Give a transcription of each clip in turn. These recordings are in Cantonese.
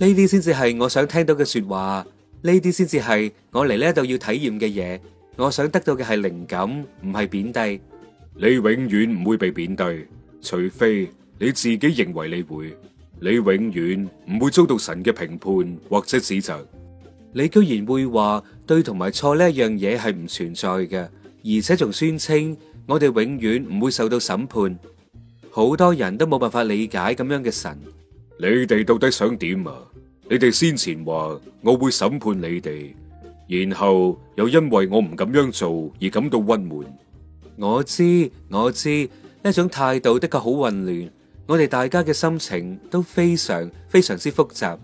呢啲先至係我想聽到嘅說話，呢啲先至係我嚟呢度要體驗嘅嘢。我想得到嘅係靈感，唔係貶低。你永遠唔會被貶低，除非你自己認為你會。你永遠唔會遭到神嘅評判或者指責。你居然會話對同埋錯呢一樣嘢係唔存在嘅，而且仲宣稱我哋永遠唔會受到審判。好多人都冇辦法理解咁樣嘅神。你哋到底想點啊？你哋先前話我會審判你哋，然後又因為我唔咁樣做而感到鬱悶。我知我知，呢種態度的確好混亂。我哋大家嘅心情都非常非常之複雜。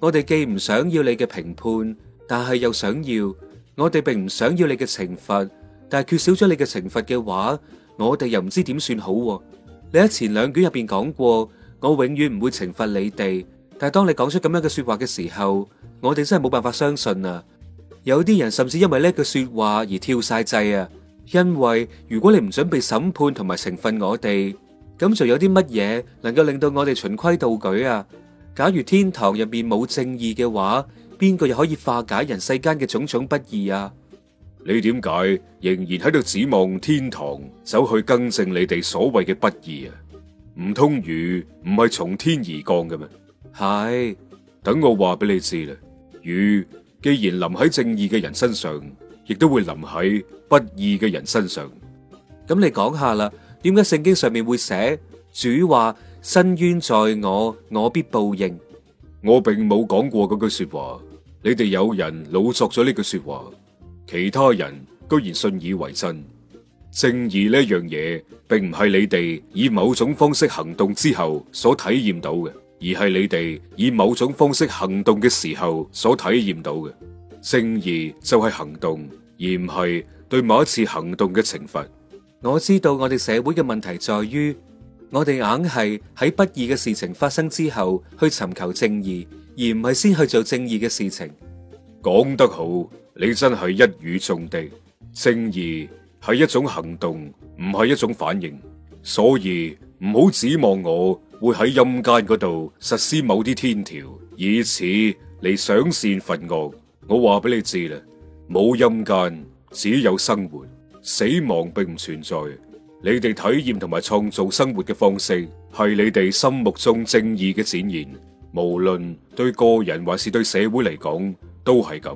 我哋既唔想要你嘅評判，但係又想要。我哋並唔想要你嘅懲罰，但係缺少咗你嘅懲罰嘅話，我哋又唔知點算好。你喺前兩卷入邊講過，我永遠唔會懲罰你哋。但係，當你講出咁樣嘅說話嘅時候，我哋真係冇辦法相信啊。有啲人甚至因為呢句說話話而跳晒掣啊。因為如果你唔準備審判同埋懲罰我哋，咁就有啲乜嘢能夠令到我哋循規蹈矩啊？假如天堂入面冇正義嘅話，邊個又可以化解人世間嘅種種不義啊？你點解仍然喺度指望天堂走去更正你哋所謂嘅不義啊？唔通雨唔係從天而降嘅咩？係是等我話俾你知啦。雨既然淋喺正義嘅人身上，亦都會淋喺不義嘅人身上。咁你講下啦，點解聖經上面會寫主話：伸冤在我，我必報應？我並冇講過嗰句說話，你哋有人老作咗呢句說話，其他人居然信以為真。正義呢一樣嘢，並唔係你哋以某種方式行動之後所體驗到嘅。而係你哋以某種方式行動嘅時候所體驗到嘅。正義就係行動，而唔係對某一次行動嘅懲罰。我知道我哋社會嘅問題在於，我哋硬係喺不義嘅事情發生之後去尋求正義，而唔係先去做正義嘅事情。講得好，你真係一語中的。正義係一種行動，唔係一種反應，所以。唔好指望我會喺陰間嗰度實施某啲天條，以此嚟賞善罰惡。我話俾你知啦，冇陰間，只有生活，死亡並唔存在。你哋體驗同埋創造生活嘅方式，係你哋心目中正義嘅展現。無論對個人還是對社會嚟講，都係咁。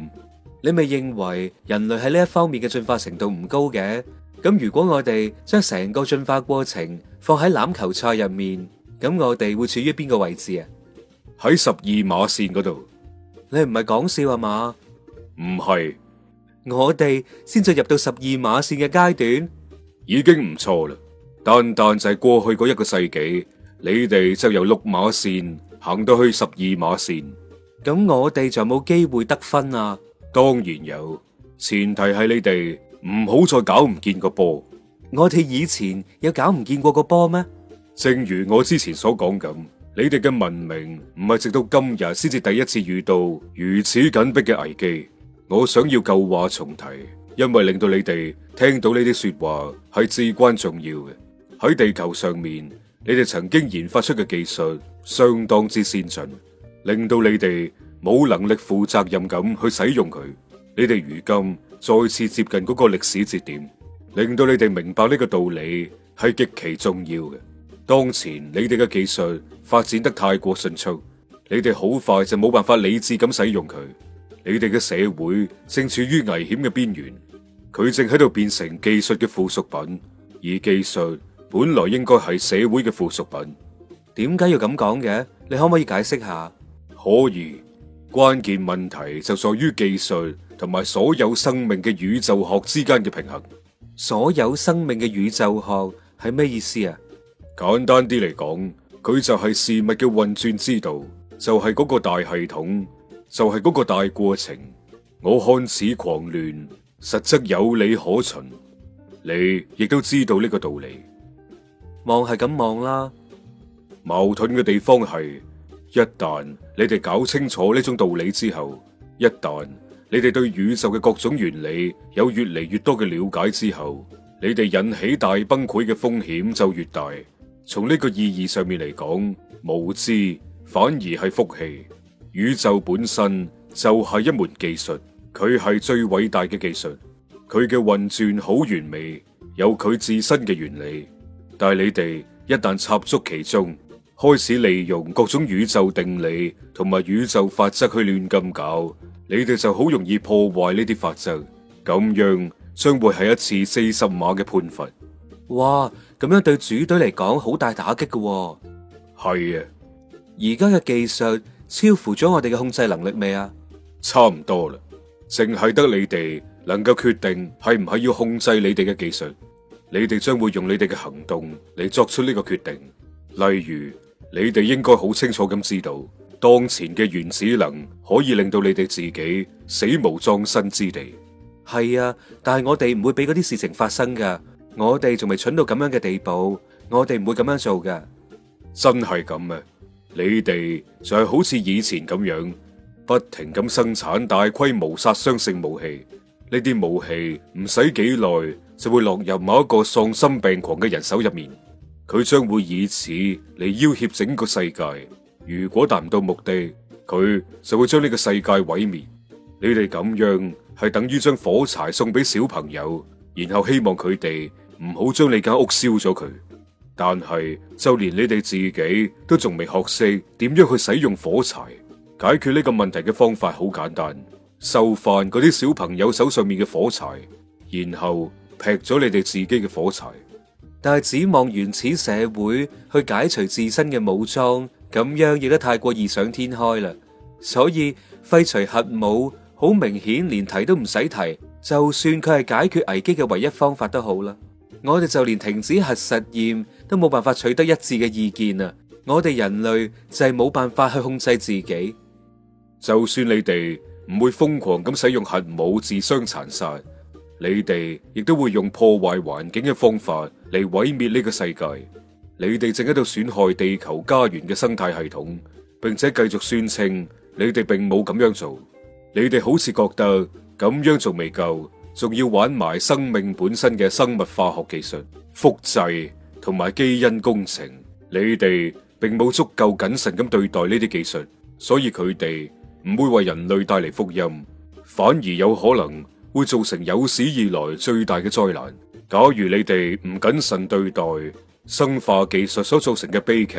你咪認為人類喺呢一方面嘅進化程度唔高嘅？咁如果我哋將成個進化過程，放喺籃球賽入面，咁我哋會處於邊個位置啊？喺十二馬線嗰度，你唔係講笑啊嘛？唔係是，我哋先至入到十二馬線嘅階段，已經唔錯啦。單單就係過去嗰一個世紀，你哋就由六馬線行到去十二馬線，咁我哋就冇機會得分啊？當然有，前提係你哋唔好再搞唔見個波。我哋以前有搞唔見過個波咩？正如我之前所講咁，你哋嘅文明唔係直到今日先至第一次遇到如此緊迫嘅危機。我想要舊話重提，因為令到你哋聽到呢啲說話係至關重要嘅。喺地球上面，你哋曾經研發出嘅技術相當之先進，令到你哋冇能力負責任咁去使用佢。你哋如今再次接近嗰個歷史節點。令到你哋明白呢個道理係極其重要嘅。當前你哋嘅技術發展得太過迅速，你哋好快就冇辦法理智咁使用佢。你哋嘅社會正處於危險嘅邊緣，佢正喺度變成技術嘅附屬品，而技術本來應該係社會嘅附屬品。點解要咁講嘅？你可唔可以解釋下？可以，關鍵問題就在於技術同埋所有生命嘅宇宙學之間嘅平衡。所有生命嘅宇宙學係咩意思啊？簡單啲嚟講，佢就係事物嘅運轉之道，就係嗰個大系統，就係嗰個大過程。我看似狂亂，實則有理可循。你亦都知道呢個道理，望係咁望啦。矛盾嘅地方係，一旦你哋搞清楚呢種道理之後，一旦。你哋對宇宙嘅各種原理有越嚟越多嘅了解之後，你哋引起大崩潰嘅風險就越大。從呢個意義上面嚟講，無知反而係福氣。宇宙本身就係一門技術，佢係最偉大嘅技術。佢嘅運轉好完美，有佢自身嘅原理。但係你哋一旦插足其中，開始利用各種宇宙定理同埋宇宙法則去亂咁搞，你哋就好容易破壞呢啲法則，咁樣將會係一次四十碼嘅判罰。哇，咁樣對主隊嚟講好大打擊㗎喎。係啊，而家嘅技術超乎咗我哋嘅控制能力未啊？差唔多啦，淨係得你哋能夠決定係唔係要控制你哋嘅技術，你哋將會用你哋嘅行動嚟作出呢個決定，例如。你哋應該好清楚咁知道，當前嘅原子能可以令到你哋自己死無葬身之地。係啊，但係我哋唔會俾嗰啲事情發生噶。我哋仲未蠢到咁樣嘅地步，我哋唔會咁樣做噶。真係咁啊！你哋就係好似以前咁樣，不停咁生產大規模殺傷性武器。呢啲武器唔使幾耐就會落入某一個喪心病狂嘅人手入面。佢將會以此嚟要挾整個世界。如果達唔到目的，佢就會將呢個世界毀滅。你哋咁樣係等於將火柴送俾小朋友，然後希望佢哋唔好將你間屋燒咗佢。但係就連你哋自己都仲未學識點樣去使用火柴。解決呢個問題嘅方法，好簡單，收翻嗰啲小朋友手上面嘅火柴，然後劈咗你哋自己嘅火柴。但係指望原始社會去解除自身嘅武裝，咁樣亦都太過異想天開啦。所以廢除核武，好明顯連提都唔使提。就算佢係解決危機嘅唯一方法都好啦，我哋就連停止核實驗都冇辦法取得一致嘅意見啊！我哋人類就係冇辦法去控制自己。就算你哋唔會瘋狂咁使用核武自相殘殺。你哋亦都會用破壞環境嘅方法嚟毀滅呢個世界，你哋正喺度損害地球家園嘅生態系統，並且繼續宣稱你哋並冇咁樣做，你哋好似覺得咁樣做未夠，仲要玩埋生命本身嘅生物化學技術、複製同埋基因工程，你哋並冇足夠謹慎咁對待呢啲技術，所以佢哋唔會為人類帶嚟福音，反而有可能。會造成有史以來最大嘅災難。假如你哋唔謹慎對待，生化技術所造成嘅悲劇，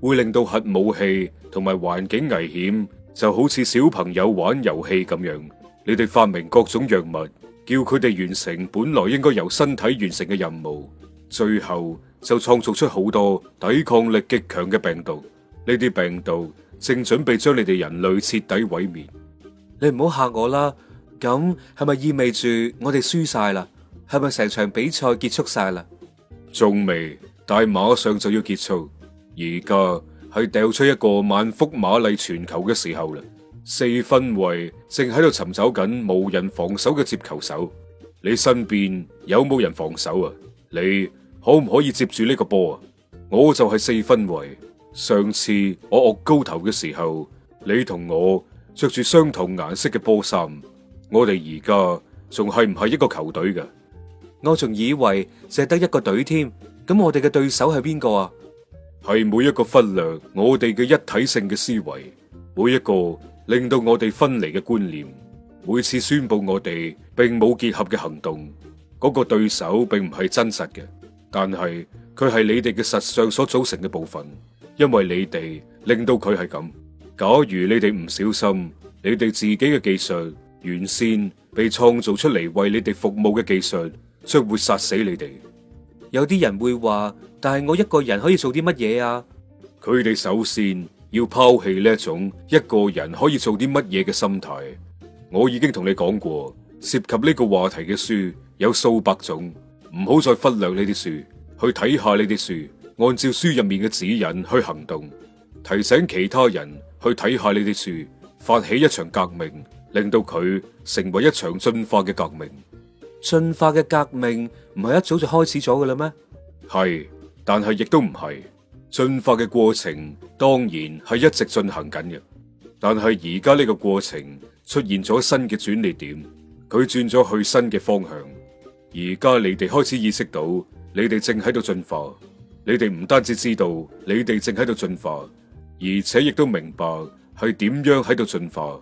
會令到核武器同埋環境危險就好似小朋友玩遊戲咁樣。你哋發明各種藥物，叫佢哋完成本來應該由身體完成嘅任務，最後就創造出好多抵抗力極強嘅病毒。呢啲病毒正準備將你哋人類徹底毀滅。你唔好嚇我啦！咁係咪意味住我哋輸晒啦？係咪成場比賽結束晒啦？仲未，但係馬上就要結束。而家係掉出一個萬福馬麗傳球嘅時候啦。四分衛正喺度尋找緊冇人防守嘅接球手。你身邊有冇人防守啊？你可唔可以接住呢個波啊？我就係四分衛。上次我惡高頭嘅時候，你同我着住相同顏色嘅波衫。我哋而家仲係唔係一個球隊嘅？我仲以為淨得一個隊添。咁我哋嘅對手係邊個啊？係每一個忽略我哋嘅一體性嘅思維，每一個令到我哋分離嘅觀念，每次宣佈我哋並冇結合嘅行動，嗰個對手並唔係真實嘅，但係佢係你哋嘅實相所組成嘅部分，因為你哋令到佢係咁。假如你哋唔小心，你哋自己嘅技術。原先被創造出嚟為你哋服務嘅技術，將會殺死你哋。有啲人會話，但係我一個人可以做啲乜嘢啊？佢哋首先要拋棄呢種一個人可以做啲乜嘢嘅心態。我已經同你講過，涉及呢個話題嘅書有數百種，唔好再忽略呢啲書，去睇下呢啲書，按照書入面嘅指引去行動，提醒其他人去睇下呢啲書，發起一場革命。令到佢成為一場進化嘅革命。進化嘅革命唔係一早就開始咗嘅啦咩？係，但係亦都唔係。進化嘅過程當然係一直進行緊嘅。但係而家呢個過程出現咗新嘅轉捩點，佢轉咗去新嘅方向。而家你哋開始意識到，你哋正喺度進化。你哋唔單止知道你哋正喺度進化，而且亦都明白係點樣喺度進化。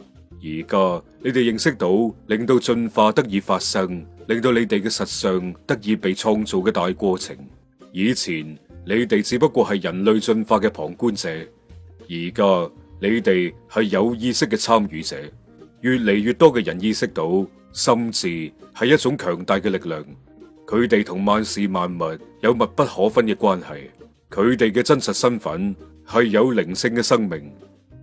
而家你哋認識到，令到進化得以發生，令到你哋嘅實相得以被創造嘅大過程。以前你哋只不過係人類進化嘅旁觀者，而家你哋係有意識嘅參與者。越嚟越多嘅人意識到，心智係一種強大嘅力量，佢哋同萬事萬物有密不可分嘅關係，佢哋嘅真實身份係有靈性嘅生命。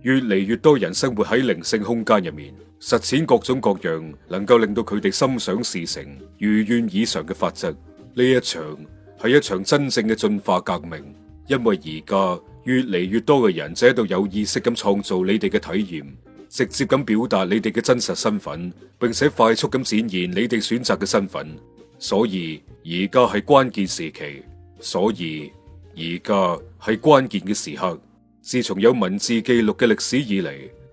越嚟越多人生活喺靈性空間入面，實踐各種各樣能夠令到佢哋心想事成、如願以償嘅法則。呢一場係一場真正嘅進化革命，因為而家越嚟越多嘅人就喺度有意識咁創造你哋嘅體驗，直接咁表達你哋嘅真實身份，並且快速咁展現你哋選擇嘅身份。所以而家係關鍵時期，所以而家係關鍵嘅時刻。自從有文字記錄嘅歷史以嚟，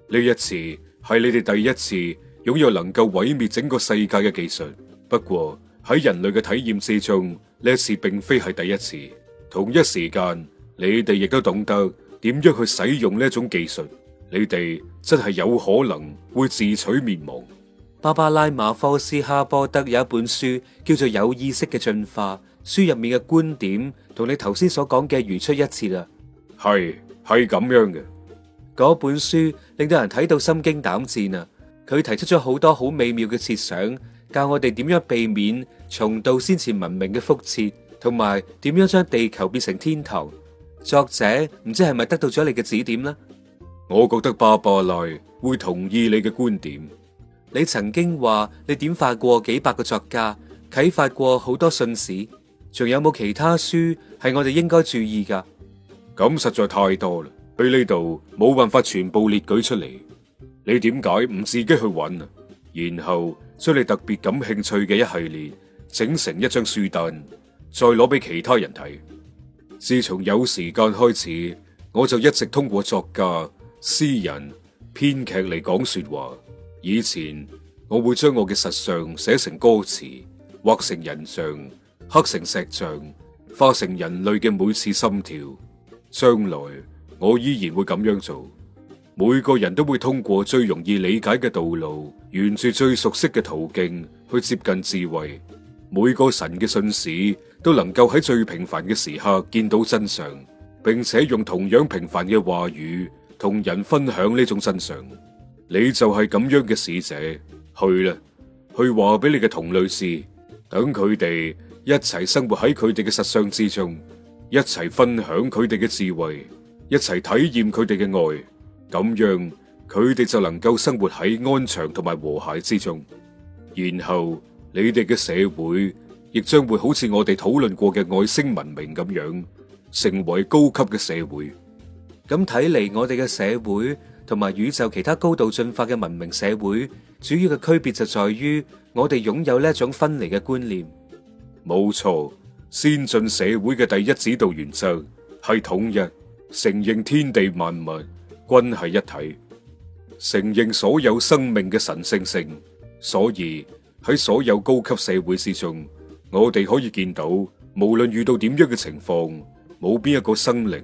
呢一次係你哋第一次擁有能夠毀滅整個世界嘅技術。不過喺人類嘅體驗之中，呢次並非係第一次。同一時間，你哋亦都懂得點樣去使用呢一種技術。你哋真係有可能會自取滅亡。巴巴拉馬科斯哈波德有一本書叫做《有意識嘅進化》，書入面嘅觀點同你頭先所講嘅如出一轍啊。係。係咁樣嘅，嗰本書令到人睇到心驚膽戰啊！佢提出咗好多好美妙嘅設想，教我哋點樣避免重蹈先前文明嘅覆轍，同埋點樣將地球變成天堂。作者唔知係咪得到咗你嘅指點呢？我覺得巴布利會同意你嘅觀點。你曾經話你點化過幾百個作家，啟發過好多信使，仲有冇其他書係我哋應該注意噶？咁實在太多啦，去呢度冇辦法全部列舉出嚟。你點解唔自己去揾啊？然後將你特別感興趣嘅一系列整成一張書單，再攞俾其他人睇。自從有時間開始，我就一直通過作家、詩人、編劇嚟講說話。以前我會將我嘅實相寫成歌詞，畫成人像，刻成石像，化成人類嘅每次心跳。將來我依然會咁樣做，每個人都會通過最容易理解嘅道路，沿住最熟悉嘅途徑去接近智慧。每個神嘅信使都能夠喺最平凡嘅時刻見到真相，並且用同樣平凡嘅話語同人分享呢種真相。你就係咁樣嘅使者，去啦，去話俾你嘅同類知，等佢哋一齊生活喺佢哋嘅實相之中。一齊分享佢哋嘅智慧，一齊體驗佢哋嘅愛，咁樣佢哋就能夠生活喺安詳同埋和諧之中。然後你哋嘅社會亦將會好似我哋討論過嘅外星文明咁樣，成為高級嘅社會。咁睇嚟，我哋嘅社會同埋宇宙其他高度進化嘅文明社會，主要嘅區別就在於我哋擁有呢種分離嘅觀念。冇錯。先進社會嘅第一指導原則係統一，承認天地萬物均係一體，承認所有生命嘅神聖性。所以喺所有高級社會之中，我哋可以見到，無論遇到點樣嘅情況，冇邊一個生靈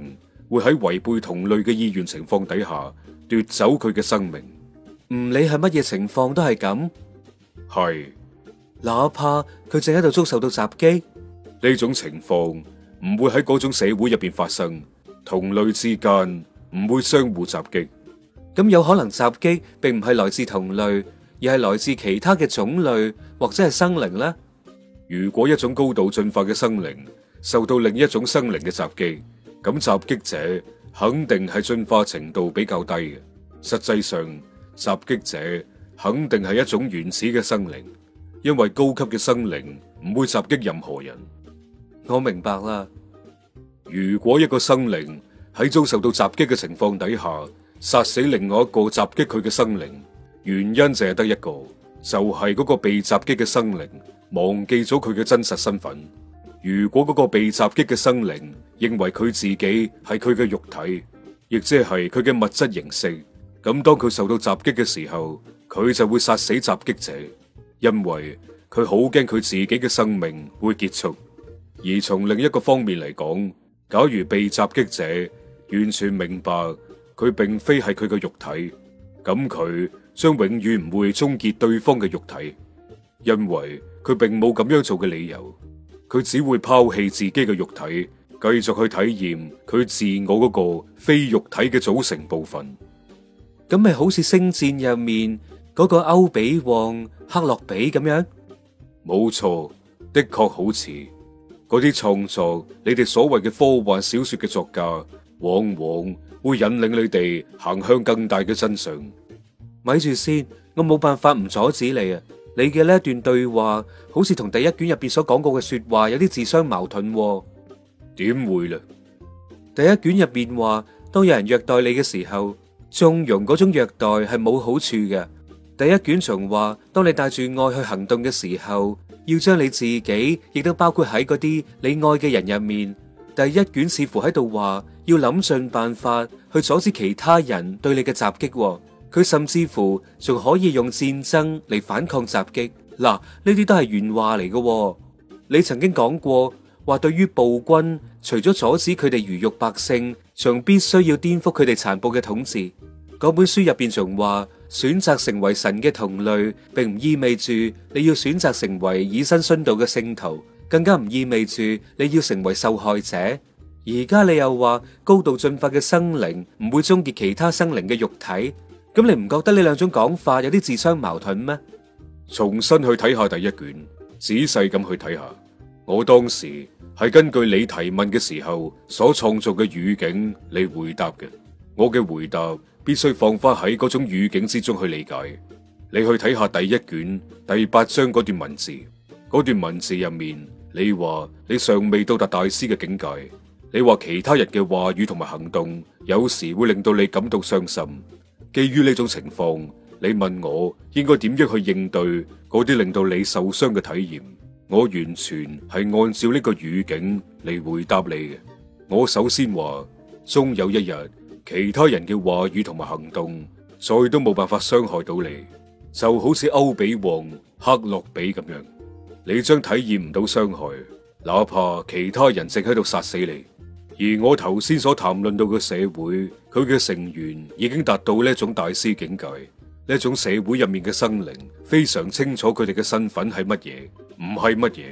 會喺違背同類嘅意願情況底下奪走佢嘅生命。唔理係乜嘢情況都係咁，係，哪怕佢正喺度遭受到襲擊。呢種情況唔會喺嗰種社會入邊發生，同類之間唔會相互襲擊。咁有可能襲擊並唔係來自同類，而係來自其他嘅種類，或者係生靈咧。如果一種高度進化嘅生靈受到另一種生靈嘅襲擊，咁襲擊者肯定係進化程度比較低嘅。實際上，襲擊者肯定係一種原始嘅生靈，因為高級嘅生靈唔會襲擊任何人。我明白啦。如果一個生靈喺遭受到襲擊嘅情況底下，殺死另外一個襲擊佢嘅生靈，原因淨係得一個，就係嗰個被襲擊嘅生靈忘記咗佢嘅真實身份。如果嗰個被襲擊嘅生靈認為佢自己係佢嘅肉體，亦即係佢嘅物質形式，咁當佢受到襲擊嘅時候，佢就會殺死襲擊者，因為佢好驚佢自己嘅生命會結束。而從另一個方面嚟講，假如被襲擊者完全明白佢並非係佢嘅肉體，咁佢將永遠唔會終結對方嘅肉體，因為佢並冇咁樣做嘅理由，佢只會拋棄自己嘅肉體，繼續去體驗佢自我嗰個非肉體嘅組成部分。咁咪好似星戰入面嗰個歐比旺克洛比咁樣？冇錯，的確好似。嗰啲創作，你哋所謂嘅科幻小說嘅作家，往往會引領你哋行向更大嘅真相。咪住先，我冇辦法唔阻止你啊！你嘅呢一段對話，好似同第一卷入邊所講過嘅說話有啲自相矛盾。點會咧？第一卷入邊話，當有人虐待你嘅時候，縱容嗰種虐待係冇好處嘅。第一卷仲話，當你帶住愛去行動嘅時候，要將你自己，亦都包括喺嗰啲你愛嘅人入面。第一卷似乎喺度話，要諗盡辦法去阻止其他人對你嘅襲擊，哦。佢甚至乎仲可以用戰爭嚟反抗襲擊。嗱，啊，呢啲都係原話嚟嘅，哦。你曾經講過，話對於暴君，除咗阻止佢哋魚肉百姓，仲必須要顛覆佢哋殘暴嘅統治。嗰本書入邊仲話。選擇成為神嘅同類，並唔意味住你要選擇成為以身殉道嘅聖徒，更加唔意味住你要成為受害者。而家你又話高度進化嘅生靈唔會終結其他生靈嘅肉體，咁你唔覺得呢兩種講法有啲自相矛盾咩？重新去睇下第一卷，仔細咁去睇下，我當時係根據你提問嘅時候所創造嘅語境嚟回答嘅，我嘅回答，必須放返喺嗰種語境之中去理解。你去睇下第一卷第八章嗰段文字，嗰段文字入面，你話你尚未到達大師嘅境界，你話其他人嘅話語同埋行動，有時會令到你感到傷心。基於呢種情況，你問我應該點樣去應對嗰啲令到你受傷嘅體驗，我完全係按照呢個語境嚟回答你嘅。我首先話，終有一日。其他人嘅話語同埋行動，再都冇辦法傷害到你，就好似歐比旺、克洛比咁樣，你將體驗唔到傷害。哪怕其他人正喺度殺死你，而我頭先所談論到嘅社會，佢嘅成員已經達到呢一種大師境界，呢一種社會入面嘅生靈非常清楚佢哋嘅身份係乜嘢，唔係乜嘢，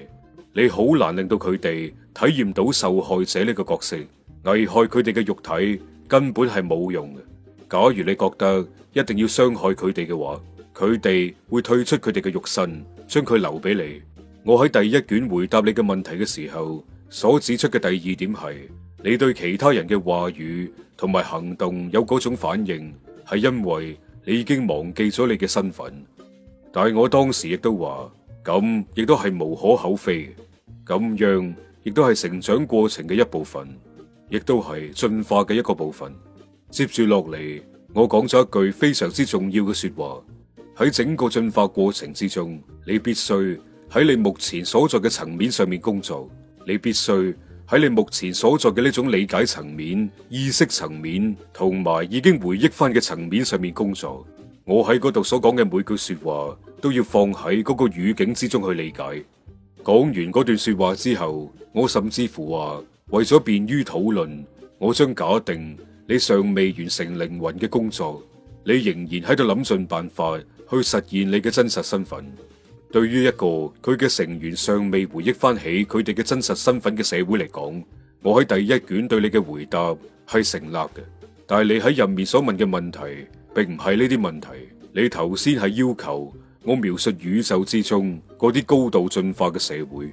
你好難令到佢哋體驗到受害者呢個角色，危害佢哋嘅肉體，根本係冇用嘅。假如你覺得一定要傷害佢哋嘅話，佢哋會退出佢哋嘅肉身，將佢留俾你。我喺第一卷回答你嘅問題嘅時候，所指出嘅第二點係，你對其他人嘅話語同埋行動有嗰種反應，係因為你已經忘記咗你嘅身份。但係我當時亦都話，咁亦都係無可厚非，咁樣亦都係成長過程嘅一部分。亦都係進化嘅一個部分。接住落嚟，我講咗一句非常之重要嘅說話。喺整個進化過程之中，你必須喺你目前所在嘅層面上面工作。你必須喺你目前所在嘅呢種理解層面、意識層面同埋已經回憶翻嘅層面上面工作。我喺嗰度所講嘅每句說話，都要放喺嗰個語境之中去理解。講完嗰段說話之後，我甚至乎話。為咗便於討論，我將假定你尚未完成靈魂嘅工作，你仍然喺度諗盡辦法去實現你嘅真實身份。對於一個佢嘅成員尚未回憶翻起佢哋嘅真實身份嘅社會嚟講，我喺第一卷對你嘅回答係成立嘅。但係你喺入面所問嘅問題，並唔係呢啲問題。你頭先係要求我描述宇宙之中嗰啲高度進化嘅社會。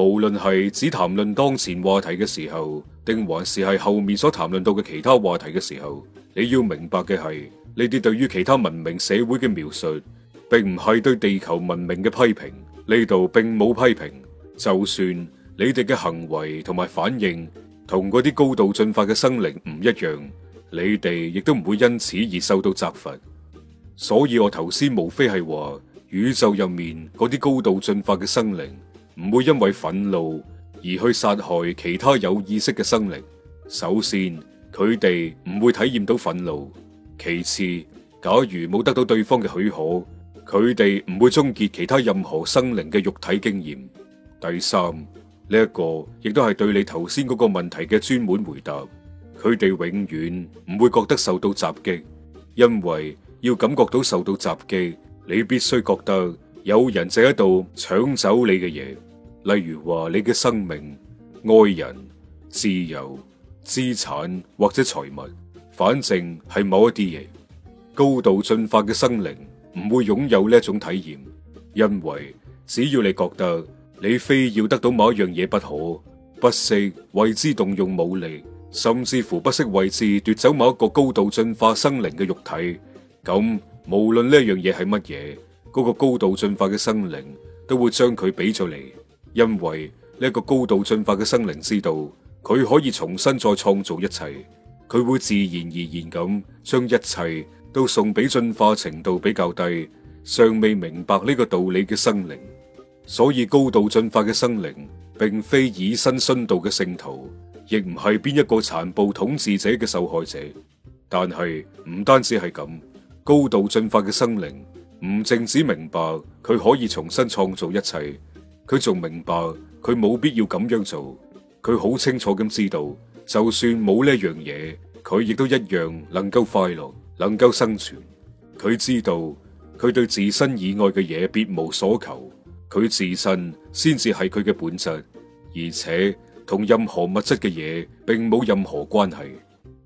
無論係只談論當前話題嘅時候，定還是係後面所談論到嘅其他話題嘅時候，你要明白嘅係呢啲對於其他文明社會嘅描述，並唔係對地球文明嘅批評。呢度並冇批評，就算你哋嘅行為同埋反應同嗰啲高度進化嘅生靈唔一樣，你哋亦都唔會因此而受到責罰。所以我頭先無非係話宇宙入面嗰啲高度進化嘅生靈。唔會因為憤怒而去殺害其他有意識嘅生靈。首先，佢哋唔會體驗到憤怒；其次，假如冇得到對方嘅許可，佢哋唔會終結其他任何生靈嘅肉體經驗。第三，呢一個亦都係對你頭先嗰個問題嘅專門回答。佢哋永遠唔會覺得受到襲擊，因為要感覺到受到襲擊，你必須覺得有人正喺度搶走你嘅嘢。例如話，你嘅生命、愛人、自由、資產或者財物，反正係某一啲嘢。高度進化嘅生靈唔會擁有呢一種體驗，因為只要你覺得你非要得到某一樣嘢不可，不惜為之動用武力，甚至乎不惜為之奪走某一個高度進化生靈嘅肉體，咁無論呢一樣嘢係乜嘢，嗰個高度進化嘅生靈都會將佢俾咗你。因為呢個高度進化嘅生靈知道佢可以重新再創造一切，佢會自然而然咁將一切都送俾進化程度比較低、尚未明白呢個道理嘅生靈。所以高度進化嘅生靈並非以身殉道嘅聖徒，亦唔係邊一個殘暴統治者嘅受害者。但係唔單止係咁，高度進化嘅生靈唔淨止明白佢可以重新創造一切。佢仲明白佢冇必要咁樣做，佢好清楚咁知道，就算冇呢樣嘢，佢亦都一樣能夠快樂，能夠生存。佢知道佢對自身以外嘅嘢別無所求，佢自身先至係佢嘅本質，而且同任何物質嘅嘢並冇任何關係。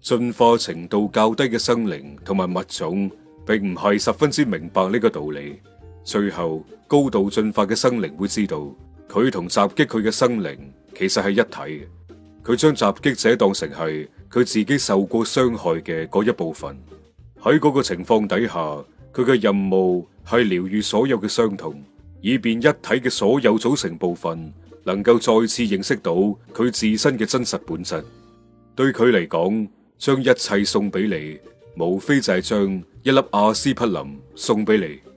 進化程度較低嘅生靈同埋物種，並唔係十分之明白呢個道理。最後高度進化嘅生靈會知道，佢同襲擊佢嘅生靈其實係一體嘅。佢將襲擊者當成係佢自己受過傷害嘅嗰一部分。喺嗰個情況底下，佢嘅任務係療癒所有嘅傷痛，以便一體嘅所有組成部分能夠再次認識到佢自身嘅真實本質。對佢嚟講，將一切送俾你，無非就係將一粒阿司匹林送俾你。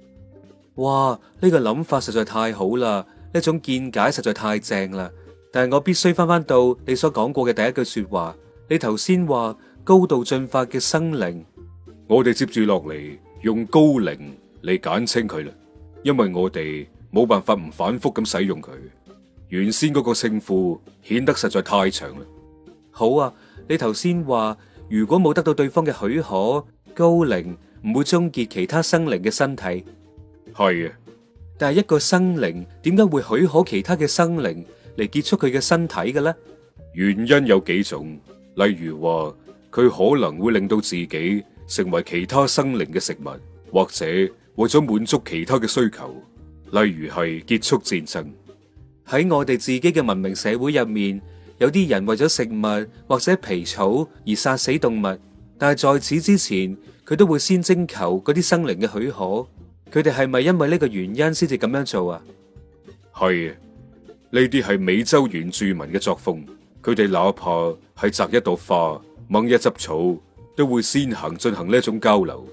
哇！呢、這個諗法實在太好啦，呢種見解實在太正啦。但係我必須翻返到你所講過嘅第一句說話，你頭先話高度進化嘅生靈，我哋接住落嚟用高靈嚟簡稱佢啦，因為我哋冇辦法唔反復咁使用佢。原先嗰個稱呼顯得實在太長啦。好啊，你頭先話如果冇得到對方嘅許可，高靈唔會終結其他生靈嘅身體。係啊，但係一個生靈點解會許可其他嘅生靈嚟結束佢嘅身體嘅咧？原因有幾種，例如話佢可能會令到自己成為其他生靈嘅食物，或者為咗滿足其他嘅需求，例如係結束戰爭。喺我哋自己嘅文明社會入面，有啲人為咗食物或者皮草而殺死動物，但係在此之前，佢都會先徵求嗰啲生靈嘅許可。佢哋係咪因為呢個原因先至咁樣做啊？係呢啲係美洲原住民嘅作風，佢哋哪怕係摘一朵花、掹一執草，都會先行進行呢一種交流。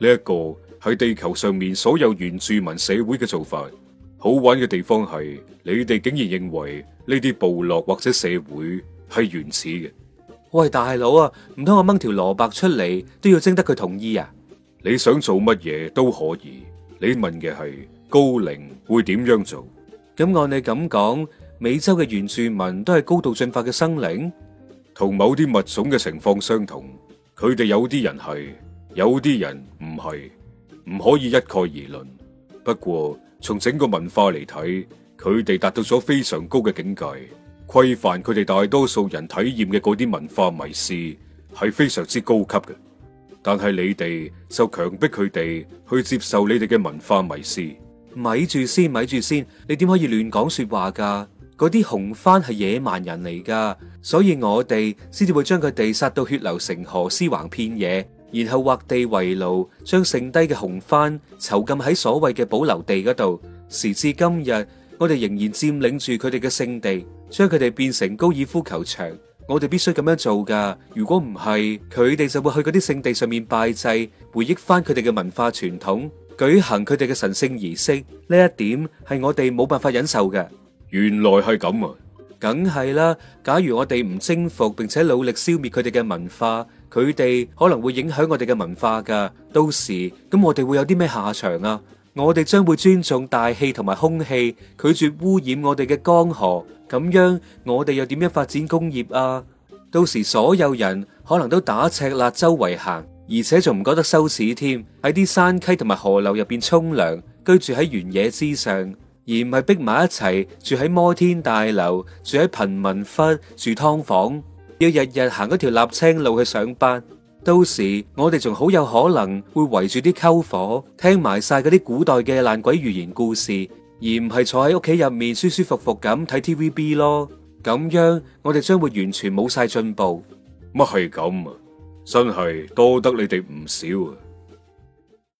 呢一個係地球上面所有原住民社會嘅做法。好玩嘅地方係你哋竟然認為呢啲部落或者社會係原始嘅。喂，大佬啊，唔通我掹條蘿蔔出嚟都要徵得佢同意啊？你想做乜嘢都可以。你問嘅係高齡會點樣做？咁按你咁講，美洲嘅原住民都係高度進化嘅生靈，同某啲物種嘅情況相同。佢哋有啲人係，有啲人唔係，唔可以一概而論。不過，從整個文化嚟睇，佢哋達到咗非常高嘅境界，規範佢哋大多數人體驗嘅嗰啲文化迷思，係非常之高級嘅。但係你哋就強迫佢哋去接受你哋嘅文化迷思。咪住先，咪住先，你點可以亂講說話噶？嗰啲紅番係野蠻人嚟噶，所以我哋先至會將佢哋殺到血流成河，屍橫遍野，然後劃地為牢，將剩低嘅紅番囚禁喺所謂嘅保留地嗰度。時至今日，我哋仍然佔領住佢哋嘅聖地，將佢哋變成高爾夫球場。我哋必須咁樣做噶，如果唔係，佢哋就會去嗰啲聖地上面拜祭，回憶翻佢哋嘅文化傳統，舉行佢哋嘅神聖儀式。呢一點係我哋冇辦法忍受嘅。原來係咁啊，梗係啦。假如我哋唔征服並且努力消滅佢哋嘅文化，佢哋可能會影響我哋嘅文化噶。到時咁，我哋會有啲咩下場啊？我哋將會尊重大氣同埋空氣，拒絕污染我哋嘅江河。咁樣，我哋又點樣發展工業啊？到時所有人可能都打赤肋周圍行，而且仲唔覺得羞恥添？喺啲山溪同埋河流入邊沖涼，居住喺原野之上，而唔係逼埋一齊住喺摩天大樓、住喺貧民窟、住劏房，要日日行嗰條瀝青路去上班。到時我哋仲好有可能會圍住啲篝火，聽埋晒嗰啲古代嘅爛鬼寓言故事。而唔係坐喺屋企入面舒舒服服咁睇 TVB 咯，咁樣我哋將會完全冇晒進步。乜係咁啊？真係多得你哋唔少啊！